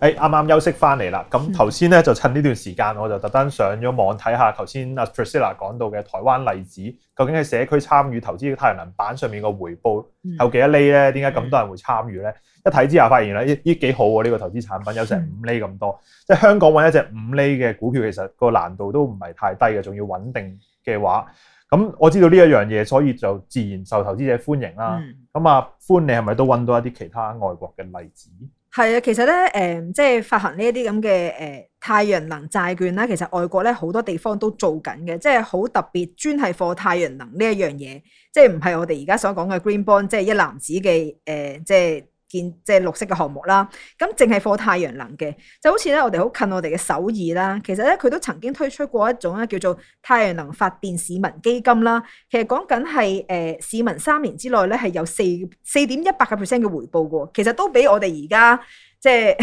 誒啱啱休息翻嚟啦，咁頭先咧就趁呢段時間，我就特登上咗網睇下頭先阿 Tracilla 講到嘅台灣例子，究竟喺社區參與投資嘅太陽能板上面個回報有幾多厘咧？點解咁多人會參與咧？一睇之下發現咧，依幾好喎！呢、呢個投資產品有成五厘咁多，嗯、即係香港揾一隻五厘嘅股票，其實個難度都唔係太低嘅，仲要穩定嘅話。咁我知道呢一樣嘢，所以就自然受投資者歡迎啦。咁、嗯、啊，歡，你係咪都揾到一啲其他外國嘅例子？係啊，其實咧，誒、呃，即係發行呢一啲咁嘅誒太陽能債券啦。其實外國咧好多地方都做緊嘅，即係好特別專係貨太陽能呢一樣嘢，即係唔係我哋而家所講嘅 Green Bond，即係一籃子嘅誒、呃，即係。建即係綠色嘅項目啦，咁淨係放太陽能嘅，就好似咧我哋好近我哋嘅首爾啦。其實咧佢都曾經推出過一種咧叫做太陽能發電市民基金啦。其實講緊係誒市民三年之內咧係有四四點一百個 percent 嘅回報嘅喎。其實都比我哋而家。即係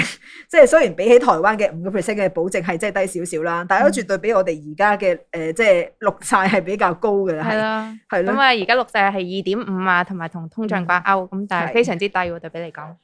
即係，雖然比起台灣嘅五個 percent 嘅保值係真係低少少啦，但係都絕對比我哋而家嘅誒，即係綠債係比較高嘅啦。係啦的，係咯的。咁啊，而家綠債係二點五啊，同埋同通脹掛鈎，咁但係非常之低，的對比嚟講。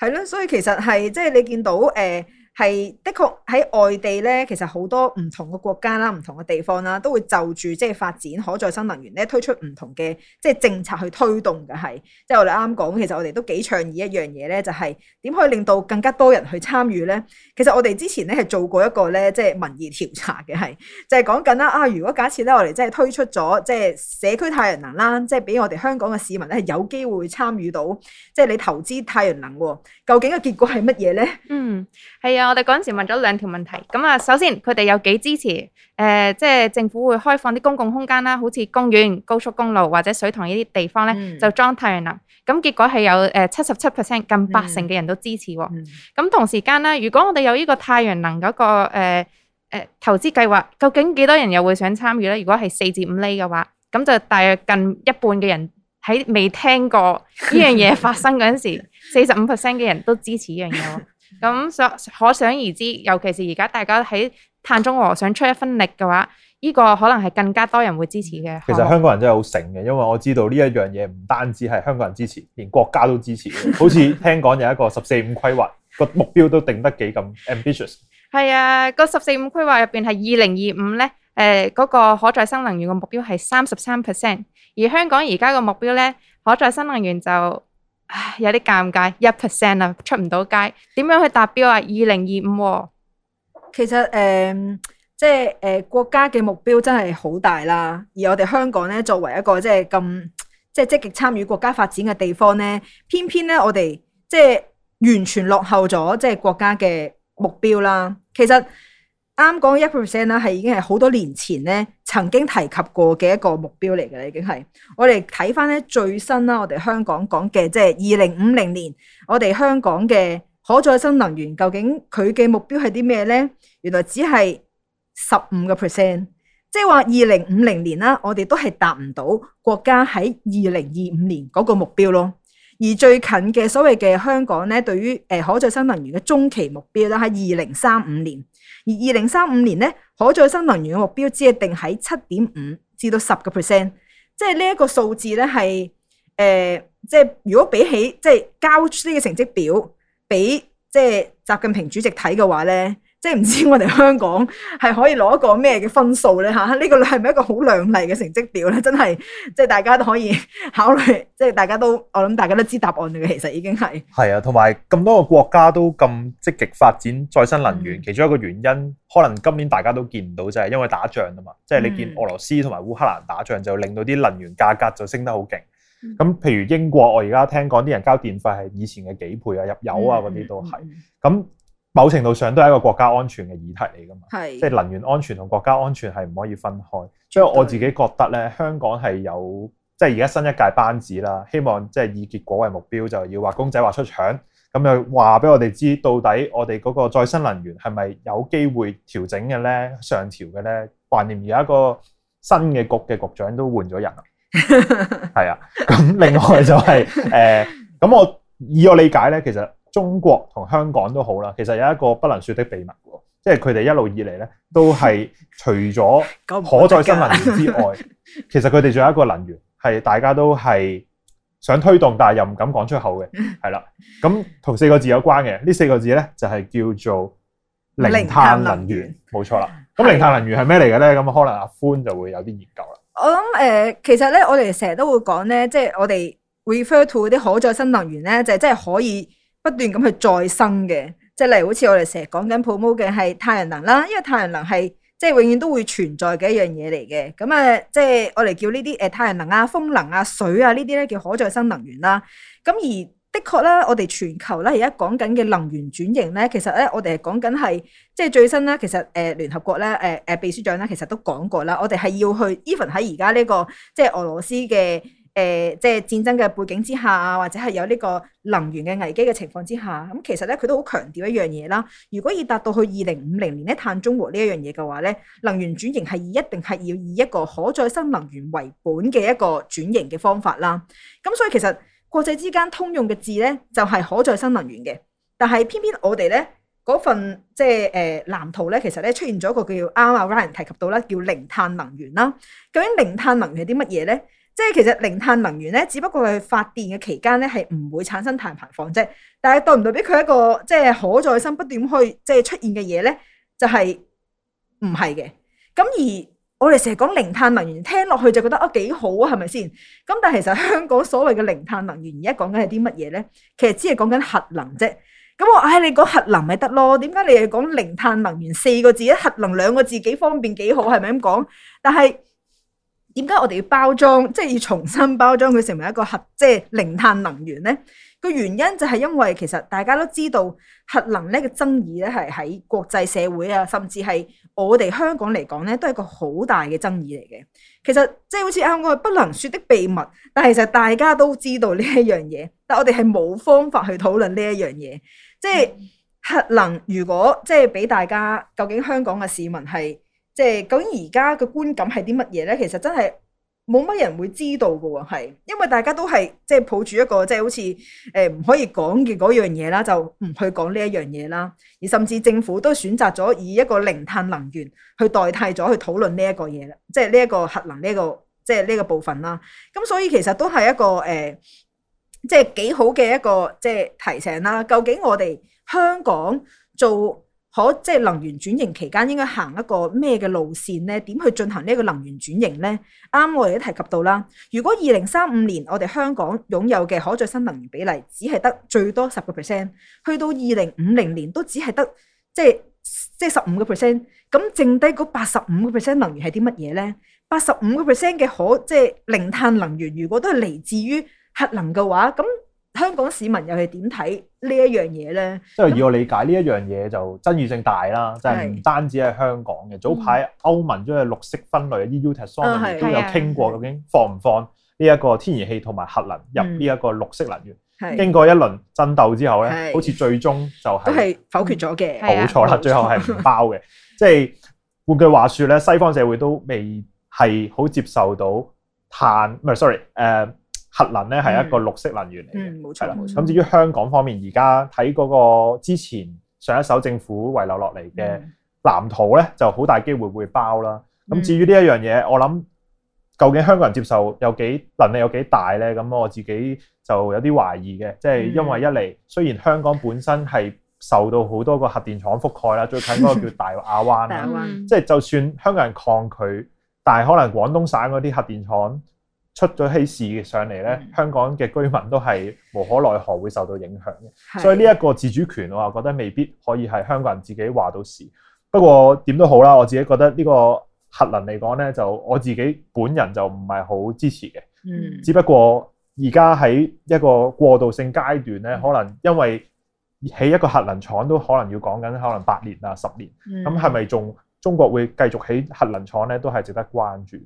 係咯，所以其實係即係你見到誒。呃係的確喺外地咧，其實好多唔同嘅國家啦、唔同嘅地方啦，都會就住即係發展可再生能源咧，推出唔同嘅即係政策去推動嘅係。即係我哋啱啱講，其實我哋都幾倡議一樣嘢咧，就係、是、點可以令到更加多人去參與咧？其實我哋之前咧係做過一個咧，即係民意調查嘅係，就係講緊啦啊！如果假設咧，我哋即係推出咗即係社區太陽能啦，即係俾我哋香港嘅市民咧係有機會參與到，即係你投資太陽能喎，究竟嘅結果係乜嘢咧？嗯，係啊。我哋嗰陣時問咗兩條問題，咁啊，首先佢哋有幾支持？誒、呃，即係政府會開放啲公共空間啦，好似公園、高速公路或者水塘呢啲地方咧，嗯、就裝太陽能。咁結果係有誒七十七 percent，近八成嘅人都支持。咁、嗯嗯、同時間咧，如果我哋有呢個太陽能嗰、嗰個誒誒、呃、投資計劃，究竟幾多人又會想參與咧？如果係四至五厘嘅話，咁就大約近一半嘅人喺未聽過呢樣嘢發生嗰陣時，四十五 percent 嘅人都支持呢樣嘢。 咁所可想而知，尤其是而家大家喺碳中和想出一分力嘅話，呢、呢個可能係更加多人會支持嘅。其實香港人真係好醒嘅，因為我知道呢一樣嘢唔單止係香港人支持，連國家都支持。好似聽講有一個十四五規劃，個目標都定得幾咁 ambitious。係 啊，個十四五規劃入邊係二零二五咧，誒、嗰、嗰個可再生能源嘅目標係三十三 percent，而香港而家個目標咧，可再生能源就。有啲尷尬，一 percent 啊，出唔到街，點樣去達標啊？二零二五，其實誒，即係誒，國家嘅目標真係好大啦，而我哋香港咧，作為一個即係咁，即係積極參與國家發展嘅地方咧，偏偏咧，我哋即係完全落後咗即係國家嘅目標啦，其實。啱講一 percent 啦，係已經係好多年前咧，曾經提及過嘅一個目標嚟嘅啦，已經係我哋睇翻咧最新啦，我哋香港講嘅即係二零五零年，我哋香港嘅可再生能源究竟佢嘅目標係啲咩咧？原來只係十五個 percent，即係話二零五零年啦，我哋都係達唔到國家喺二零二五年嗰個目標咯。而最近嘅所謂嘅香港咧，對於誒可再生能源嘅中期目標啦，喺二零三五年。而二零三五年咧，可再生能源嘅目標只係定喺七點五至到十個 percent，即係呢一個數字咧係誒，即係、呃、如果比起即係交出呢個成績表俾即係習近平主席睇嘅話咧。即係唔知我哋香港係可以攞一個咩嘅分數咧嚇？呢個係咪一個好亮麗嘅成績表咧？真係即係大家都可以考慮，即係大家都我諗大家都知答案嘅，其實已經係係啊。同埋咁多個國家都咁積極發展再生能源，嗯、其中一個原因可能今年大家都見唔到就係、是、因為打仗啊嘛。即係你見俄羅斯同埋烏克蘭打仗，就令到啲能源價格就升得好勁。咁、嗯、譬如英國，我而家聽講啲人交電費係以前嘅幾倍啊，入油啊嗰啲都係咁。嗯嗯某程度上都係一個國家安全嘅議題嚟噶嘛，是即係能源安全同國家安全係唔可以分開，所以對我自己覺得咧，香港係有即係而家新一屆班子啦，希望即係以結果為目標，就是、要畫公仔畫出腸，咁又話俾我哋知到底我哋嗰個再生能源係咪有機會調整嘅咧，上調嘅咧？懷念而家個新嘅局嘅局長都換咗人喇，係 啊。咁另外就係、是、誒、咁、呃、我以我理解咧，其實。中國同香港都好啦，其實有一個不能説的秘密喎，即係佢哋一路以嚟咧都係除咗可再生能源之外， 其實佢哋仲有一個能源係大家都係想推動，但係又唔敢講出口嘅，係啦。咁同四個字有關嘅，呢四個字咧就係叫做零碳能源，冇錯啦。咁零碳能源係咩嚟嘅咧？咁可能阿寬就會有啲研究啦。我諗誒，其實咧我哋成日都會講咧，即係我哋 refer to 嗰啲可再生能源咧，就係真係可以。不斷咁去再生嘅，即係例如好似我哋成日講緊 promote 嘅係太陽能啦，因為太陽能係即係永遠都會存在嘅一樣嘢嚟嘅。咁啊，即係我哋叫呢啲誒太陽能啊、風能啊、水啊呢啲咧叫可再生能源啦。咁而的確啦，我哋全球啦而家講緊嘅能源轉型咧，其實咧我哋係講緊係即係最新咧。其實誒聯合國咧誒誒秘書長咧其實都講過啦，我哋係要去 even 喺而家呢個即係俄羅斯嘅。誒、呃，即係戰爭嘅背景之下啊，或者係有呢個能源嘅危機嘅情況之下，咁其實咧佢都好強調一樣嘢啦。如果要達到去二零五零年咧碳中和呢一樣嘢嘅話咧，能源轉型係以一定係要以一個可再生能源為本嘅一個轉型嘅方法啦。咁所以其實國際之間通用嘅字咧就係可再生能源嘅，但係偏偏我哋咧。嗰份即係誒藍圖咧，其實咧出現咗一個叫啱啱 Ryan 提及到啦，叫零碳能源啦。究竟零碳能源係啲乜嘢咧？即係其實零碳能源咧，只不過係發電嘅期間咧係唔會產生碳排放啫。但係代唔代表佢一個即係可再生不斷去即係出現嘅嘢咧？就係唔係嘅。咁而我哋成日講零碳能源，聽落去就覺得啊幾好啊，係咪先？咁但係其實香港所謂嘅零碳能源而家講緊係啲乜嘢咧？其實只係講緊核能啫。咁我唉，你講核能咪得咯？點解你係講零碳能源四個字？一核能兩個字幾方便幾好，係咪咁講？但係。點解我哋要包裝，即係要重新包裝佢，成為一個核，即係零碳能源呢？個原因就係因為其實大家都知道核能呢個爭議咧，係喺國際社會啊，甚至係我哋香港嚟講呢，都係個好大嘅爭議嚟嘅。其實即係好似啱啱我不能說的秘密，但係其實大家都知道呢一樣嘢，但我哋係冇方法去討論呢一樣嘢。即係核能如果即係俾大家，究竟香港嘅市民係？即係究竟而家嘅觀感係啲乜嘢咧？其實真係冇乜人會知道嘅喎，係因為大家都係即係抱住一個即係、即係、好似誒唔可以講嘅嗰樣嘢啦，就唔去講呢一樣嘢啦。而甚至政府都選擇咗以一個零碳能源去代替咗去討論呢一個嘢啦，即係呢一個核能呢、呢個即係呢個部分啦。咁所以其實都係一個誒、呃，即係幾好嘅一個即係提醒啦。究竟我哋香港做？可即係能源轉型期間應該行一個咩嘅路線咧？點去進行呢一個能源轉型咧？啱我哋都提及到啦。如果二零三五年我哋香港擁有嘅可再生能源比例只係得最多十個 percent，去到二零五零年都只係得即係即係十五個 percent，咁剩低嗰八十五個 percent 能源係啲乜嘢咧？八十五個 percent 嘅可即係、就是、零碳能源，如果都係嚟自於核能嘅話，咁。香港市民又係點睇呢一樣嘢咧？即係以我理解呢、嗯、一樣嘢就爭議性大啦，就係唔單止喺香港嘅。早排歐盟都係綠色分類 EU taxonomy 都有傾過，究竟放唔放呢一個天然氣同埋核能入呢一個綠色能源？嗯、經過一輪爭鬥之後咧，是好似最終就係、都係否決咗嘅。冇錯啦，錯錯最後係唔包嘅。錯 即係換句話說咧，西方社會都未係好接受到碳，唔係 sorry，誒。核能咧係一個綠色能源嚟嘅，冇錯啦、嗯。咁的錯至於香港方面，而家睇嗰個之前上一手政府遺留落嚟嘅藍圖咧，就好大機會會包啦。咁、嗯、至於呢一樣嘢，我諗究竟香港人接受有幾能力有幾大咧？咁我自己就有啲懷疑嘅，即、就、係、是、因為一嚟雖然香港本身係受到好多個核電廠覆蓋啦，最近嗰個叫大亞灣啊，即係 灣就，就算香港人抗拒，但係可能廣東省嗰啲核電廠。出咗起事嘅上嚟咧，嗯、香港嘅居民都係無可奈何，會受到影響嘅。是的 所以呢一個自主權啊，我覺得未必可以係香港人自己話到事。不過點都好啦，我自己覺得呢個核能嚟講咧，就我自己本人就唔係好支持嘅。嗯、只不過而家喺一個過渡性階段咧，嗯、可能因為起一個核能廠都可能要講緊可能八年啊十年，咁係咪仲中國會繼續起核能廠咧？都係值得關注。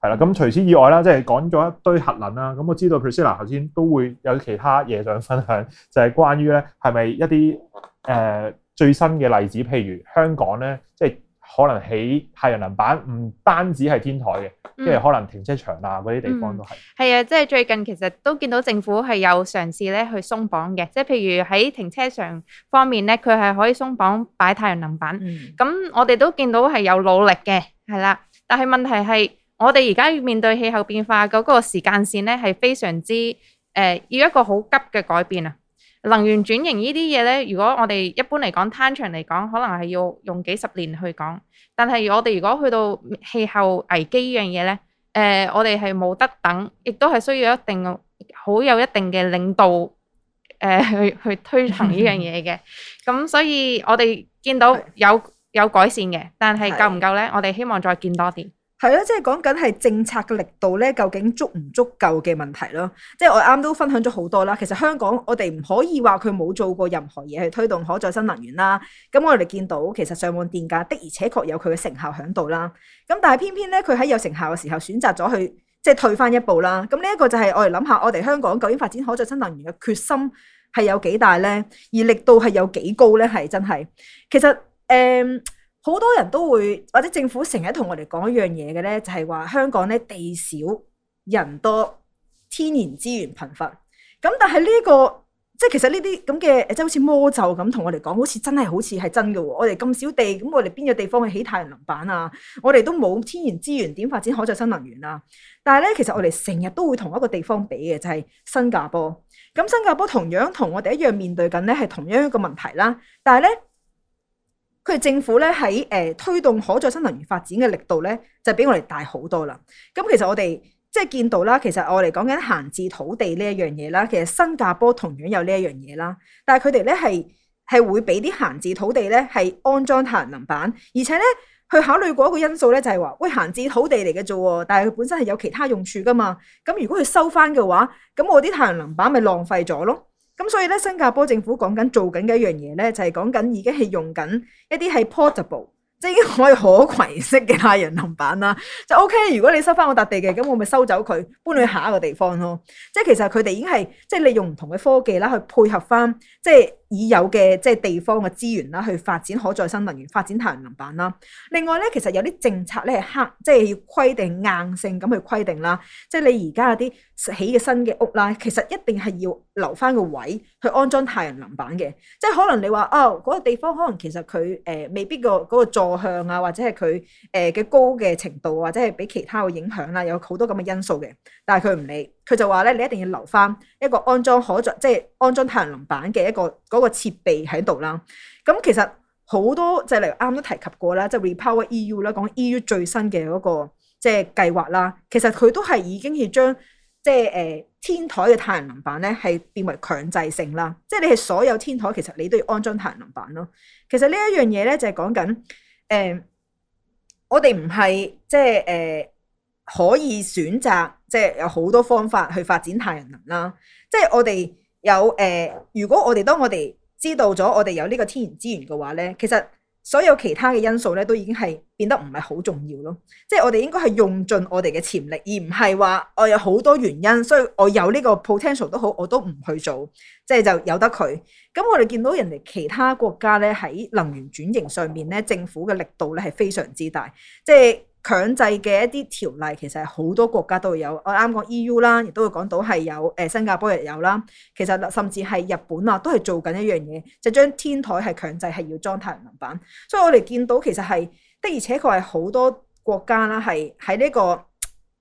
係啦，咁除此以外啦，即係講咗一堆核能啦。咁我知道 Priscilla 頭先都會有其他嘢想分享，就係、是、關於咧係咪一啲誒、呃、最新嘅例子，譬如香港咧，即係可能起太陽能板唔單止係天台嘅，嗯、即係可能停車場啊嗰啲地方都係。係啊、嗯，即係最近其實都見到政府係有嘗試咧去鬆綁嘅，即係譬如喺停車場方面咧，佢係可以鬆綁擺太陽能板。咁、嗯、我哋都見到係有努力嘅，係啦，但係問題係。我哋而家要面對氣候變化嗰個時間線呢係非常之誒、呃，要一個好急嘅改變啊！能源轉型依啲嘢咧，如果我哋一般嚟講，攤長嚟講，可能係要用幾十年去講。但係我哋如果去到氣候危機依樣嘢咧，我哋係冇得等，亦都係需要一定好有一定嘅領導誒、呃、去去推行依樣嘢嘅。咁 所以我哋見到有是有改善嘅，但係夠唔夠呢？我哋希望再見多啲。係咯，即係講緊係政策嘅力度咧，究竟足唔足夠嘅問題咯。即係我啱都分享咗好多啦。其實香港我哋唔可以話佢冇做過任何嘢去推動可再生能源啦。咁我哋見到其實上網電價的而且確有佢嘅成效喺度啦。咁但係偏偏咧，佢喺有成效嘅時候選擇咗去即係退翻一步啦。咁呢一個就係我哋諗下，我哋香港究竟發展可再生能源嘅決心係有幾大咧？而力度係有幾高咧？係真係，其實誒。嗯好多人都會或者政府成日同我哋講一樣嘢嘅咧，就係話香港咧地少人多，天然資源貧乏。咁但係呢個即係其實呢啲咁嘅即係好似魔咒咁同我哋講，好似真係好似係真嘅。我哋咁少地，咁我哋邊個地方去起太陽能板啊？我哋都冇天然資源點發展可再生能源啊？但係咧，其實我哋成日都會同一個地方比嘅，就係新加坡。咁新加坡同樣同我哋一樣面對緊咧，係同樣一個問題啦。但係咧。佢政府咧喺誒推動可再生能源發展嘅力度咧，就比我哋大好多啦。咁其實我哋即係見到啦，其實我哋講緊閒置土地呢一樣嘢啦，其實新加坡同樣有呢一樣嘢啦。但係佢哋咧係係會俾啲閒置土地咧係安裝太陽能板，而且咧佢考慮過一個因素咧就係話，喂閒置土地嚟嘅啫喎，但係佢本身係有其他用處噶嘛。咁如果佢收翻嘅話，咁我啲太陽能板咪浪費咗咯。咁所以咧，新加坡政府講緊做緊嘅一樣嘢咧，就係講緊已經係用緊一啲係 portable，即已經可以可攜式嘅太陽能板啦。就 OK，如果你收翻我笪地嘅，咁我咪收走佢，搬去下一個地方咯。即係其實佢哋已經係即係利用唔同嘅科技啦，去配合翻即係已有嘅即係地方嘅資源啦，去發展可再生能源，發展太陽能板啦。另外咧，其實有啲政策咧係刻，即係要規定硬性咁去規定啦。即係你而家嗰啲。起嘅新嘅屋啦，其實一定係要留翻個位去安裝太陽能板嘅。即係可能你話哦，嗰、那個地方可能其實佢誒、呃、未必個嗰個坐向啊，或者係佢誒嘅高嘅程度，或者係俾其他嘅影響啦、啊，有好多咁嘅因素嘅。但係佢唔理，佢就話咧，你一定要留翻一個安裝可作即係安裝太陽能板嘅一個嗰、那個設備喺度啦。咁其實好多即係例如啱啱都提及過啦、就是 e 那個，即係 Repower EU 啦，講 EU 最新嘅嗰個即係計劃啦。其實佢都係已經係將即係誒，天台嘅太陽能板咧，係變為強制性啦。即係你係所有天台，其實你都要安裝太陽能板咯。其實呢一樣嘢咧，就係講緊誒，我哋唔係即係誒，可以選擇即係有好多方法去發展太陽能啦。即係我哋有誒、呃，如果我哋當我哋知道咗我哋有呢個天然資源嘅話咧，其實。所有其他嘅因素咧，都已經係變得唔係好重要咯。即係我哋應該係用盡我哋嘅潛力，而唔係話我有好多原因，所以我有呢個 potential 都好，我都唔去做，即係就由得佢。咁我哋見到人哋其他國家咧，喺能源轉型上面咧，政府嘅力度咧係非常之大，即係。強制嘅一啲條例其實係好多國家都有，我啱講 EU 啦，亦都會講到係有誒，新加坡又有啦。其實甚至係日本啊，都係做緊一樣嘢，就將天台係強制係要裝太陽能板。所以我哋見到其實係的，而且確係好多國家啦，係喺呢個，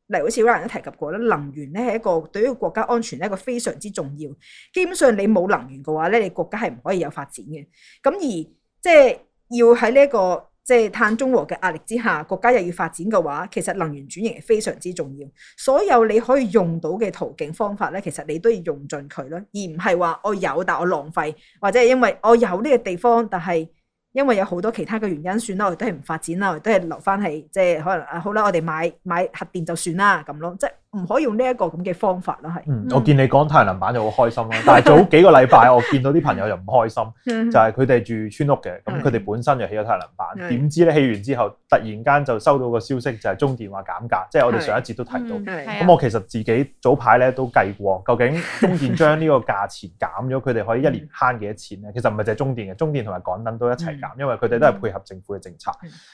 例如好似 Ryan 都提及過啦，能源咧係一個對於國家安全呢一個非常之重要。基本上你冇能源嘅話咧，你國家係唔可以有發展嘅。咁而即係要喺呢一個。即係碳中和嘅壓力之下，國家又要發展嘅話，其實能源轉型係非常之重要。所有你可以用到嘅途徑方法咧，其實你都要用盡佢咯，而唔係話我有但我浪費，或者係因為我有呢個地方，但係因為有好多其他嘅原因，算啦，我哋都係唔發展啦，我哋都係留返喺即係可能啊，好啦，我哋買買核電就算啦咁咯，即係。唔可以用呢一個咁嘅方法啦，係。嗯，我見你講太陽能板就好開心咯， 但係早幾個禮拜我見到啲朋友又唔開心， 就係佢哋住村屋嘅，咁佢哋本身就起咗太陽能板，點 知咧起完之後，突然間就收到個消息，就係中電話減價，即係 我哋上一節都提到。咁 我其實自己早排咧都計過，究竟中電將呢個價錢減咗，佢哋 可以一年慳幾多錢咧？其實唔係淨係中電嘅，中電同埋港燈都一齊減，因為佢哋都係配合政府嘅政策。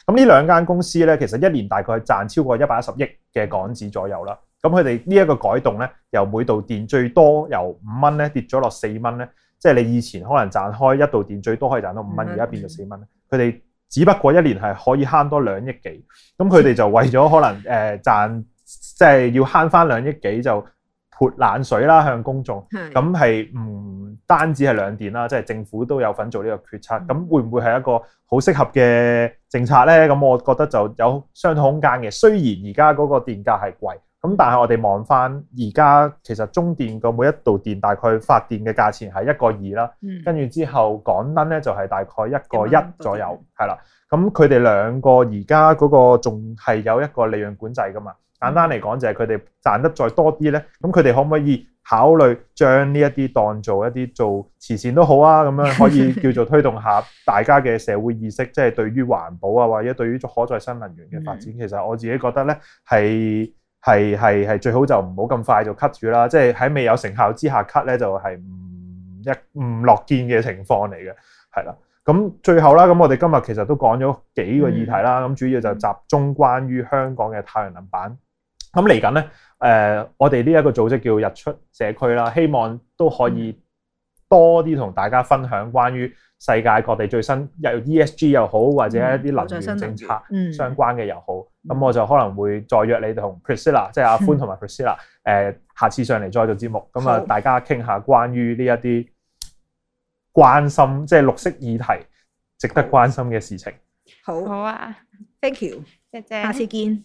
咁呢 兩間公司咧，其實一年大概賺超過一百一十億嘅港紙左右啦。咁佢哋呢一個改動咧，由每度電最多由五蚊咧跌咗落四蚊咧，即係你以前可能賺開一度電最多可以賺到五蚊，而家變咗四蚊咧。佢哋只不過一年係可以慳多兩億幾，咁佢哋就為咗可能誒賺，即係要慳翻兩億幾就潑冷水啦向公眾。咁係唔單止係兩電啦，即係政府都有份做呢個決策。咁，嗯，會唔會係一個好適合嘅政策咧？咁我覺得就有商討空間嘅。雖然而家嗰個電價係貴。咁但係我哋望翻而家，其實中電個每一度電大概發電嘅價錢係一個二啦，跟住之後港燈咧就係、是、大概一個一左右，係啦、嗯。咁佢哋兩個而家嗰個仲係有一個利潤管制噶嘛？簡單嚟講就係佢哋賺得再多啲咧，咁佢哋可唔可以考慮將呢一啲當做一啲做慈善都好啊？咁樣可以叫做推動下大家嘅社會意識，即、就、係、是、對於環保啊，或者對於可再生能源嘅發展，嗯嗯、其實我自己覺得咧係，係係係最好就唔好咁快就 cut 住啦，即係喺未有成效之下 cut 咧就係、是、唔一唔樂見嘅情況嚟嘅，係啦。咁最後啦，咁我哋今日其實都講咗幾個議題啦，咁、嗯、主要就集中關於香港嘅太陽能板。咁嚟緊咧，誒、呃，我哋呢一個組織叫日出社區啦，希望都可以、嗯。多啲同大家分享關於世界各地最新又 ESG 又好或者一啲能源政策相關嘅又好，咁、嗯、我就可能會再約你同 Priscilla，即係、嗯、阿歡同埋 Priscilla，誒 下次上嚟再做節目，咁啊大家傾下關於呢一啲關心即係、就是、綠色議題，值得關心嘅事情。好，好啊，thank you，多謝，下次見。